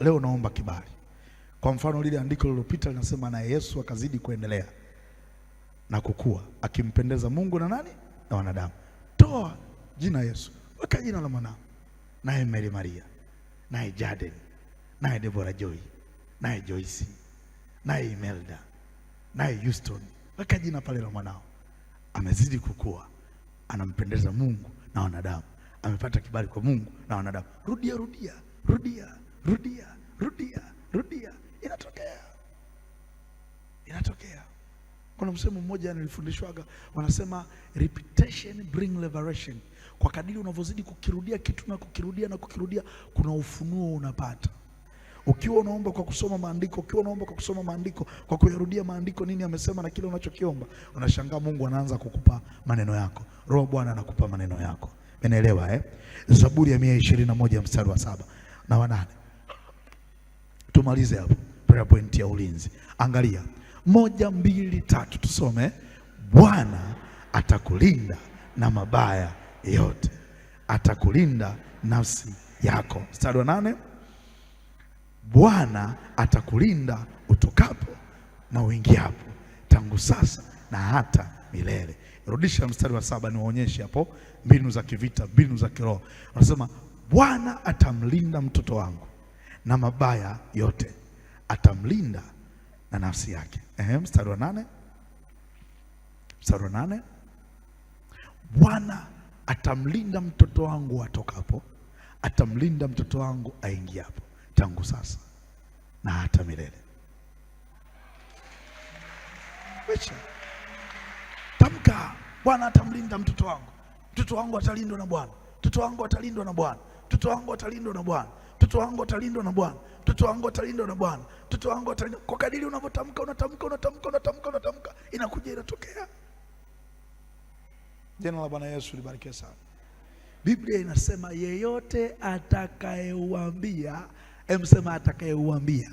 leo naomba kibali. Kwa mfano lile andiko lililopita linasema na Yesu akazidi kuendelea na kukua akimpendeza Mungu na nani na wanadamu. Toa jina Yesu, weka jina la mwanao, naye Mary Maria, naye Jaden, naye Deborah Joy, naye Joyce, naye Imelda, naye Houston, weka jina pale la mwanao. Amezidi kukua, anampendeza Mungu na wanadamu, amepata kibali kwa Mungu na wanadamu. Rudia, rudia, rudia rudia rudia rudia, inatokea inatokea. Kuna msemo mmoja nilifundishwaga, wanasema repetition bring liberation. Kwa kadiri unavyozidi kukirudia kitu na kukirudia na kukirudia, kuna ufunuo unapata. Ukiwa unaomba kwa kusoma maandiko, ukiwa unaomba kwa kusoma maandiko, kwa kuyarudia maandiko, nini amesema na kile unachokiomba, unashangaa Mungu anaanza kukupa maneno yako. Roho Bwana anakupa maneno yako, menaelewa eh? Zaburi ya mia ishirini na moja mstari wa saba na wanane tumalize hapo prayer point ya ulinzi. Angalia moja, mbili, tatu, tusome. Bwana atakulinda na mabaya yote, atakulinda nafsi yako. Mstari wa nane, Bwana atakulinda utokapo na uingiapo, tangu sasa na hata milele. Rudisha mstari wa saba, niwaonyeshe hapo mbinu za kivita, mbinu za kiroho. Anasema Bwana atamlinda mtoto wangu na mabaya yote, atamlinda na nafsi yake. Ehe, mstari wa nane, mstari wa nane, Bwana atamlinda mtoto wangu atokapo, atamlinda mtoto wangu aingiapo, tangu sasa na hata milele. Wecha tamka, Bwana atamlinda mtoto wangu, mtoto wangu atalindwa na Bwana, mtoto wangu atalindwa na Bwana, mtoto wangu atalindwa na Bwana mtoto wangu atalindwa na Bwana, mtoto wangu atalindwa na Bwana, mtoto wangu atalindwa. Kwa kadiri unavyotamka, unatamka, unatamka, unatamka, unatamka, inakuja inatokea. Jina la Bwana Yesu libarikiwe sana. Biblia inasema yeyote atakayeuambia, emsema atakayeuambia,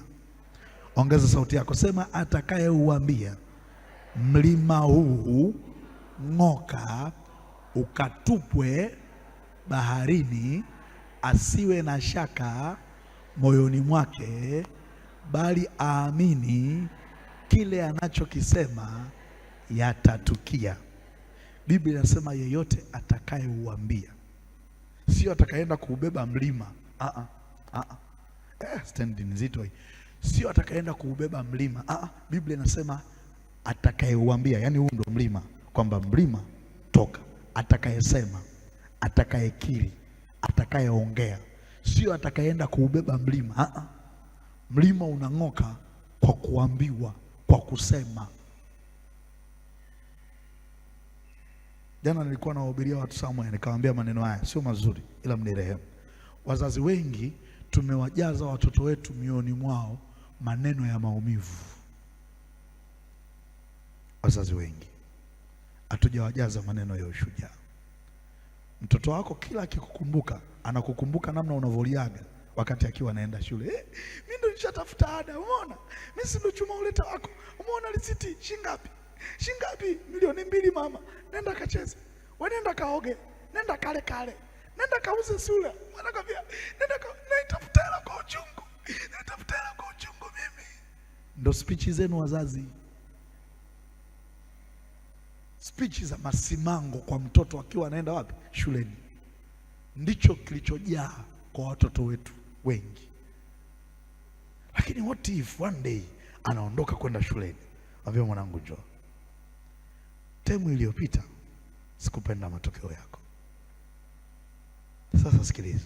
ongeza sauti yako, sema atakayeuambia mlima huu ng'oka ukatupwe baharini asiwe na shaka moyoni mwake, bali aamini kile anachokisema yatatukia. Biblia inasema yeyote atakayeuambia, sio atakayeenda kuubeba mlima a a a eh, stand nzito hii, sio atakayeenda kuubeba mlima a a. Biblia inasema atakayeuambia, yani huu ndo mlima, kwamba mlima toka, atakayesema, atakayekiri atakayeongea, sio atakayeenda kuubeba mlima. Aa, ah, ah. mlima unang'oka kwa kuambiwa, kwa kusema. Jana nilikuwa nawahubiria watu Samweli, nikawaambia maneno haya, sio mazuri, ila mnirehemu. Wazazi wengi tumewajaza watoto wetu mioni mwao maneno ya maumivu. Wazazi wengi hatujawajaza maneno ya ushujaa. Mtoto wako kila akikukumbuka anakukumbuka namna unavoliaga wakati akiwa anaenda shule. Eh, mimi ndo nishatafuta ada, umeona? Mimi si ndo chuma uleta wako. Umeona risiti shingapi? Shingapi? Milioni mbili mama. Nenda kacheze. wenenda kaoge. Nenda kale kale. Nenda kauze sura. Anakwambia, nenda ka naitafuta hela kwa uchungu. Naitafuta hela kwa uchungu mimi. Ndo spichi zenu wazazi spichi za masimango kwa mtoto akiwa anaenda wapi? Shuleni. Ndicho kilichojaa kwa watoto wetu wengi. Lakini what if one day anaondoka kwenda shuleni, ambia mwanangu, njoo, temu iliyopita sikupenda matokeo yako. Sasa sikiliza,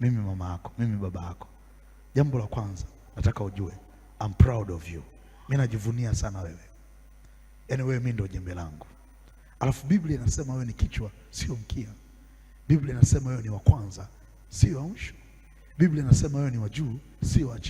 mimi mama yako, mimi baba yako, jambo la kwanza nataka ujue I'm proud of you. Mimi najivunia sana wewe, yaani wewe mimi ndio jembe langu. Alafu Biblia inasema wewe ni kichwa, sio mkia. Biblia inasema wewe ni wa kwanza, sio wa mwisho. Biblia inasema wewe ni wa juu, sio wa chini.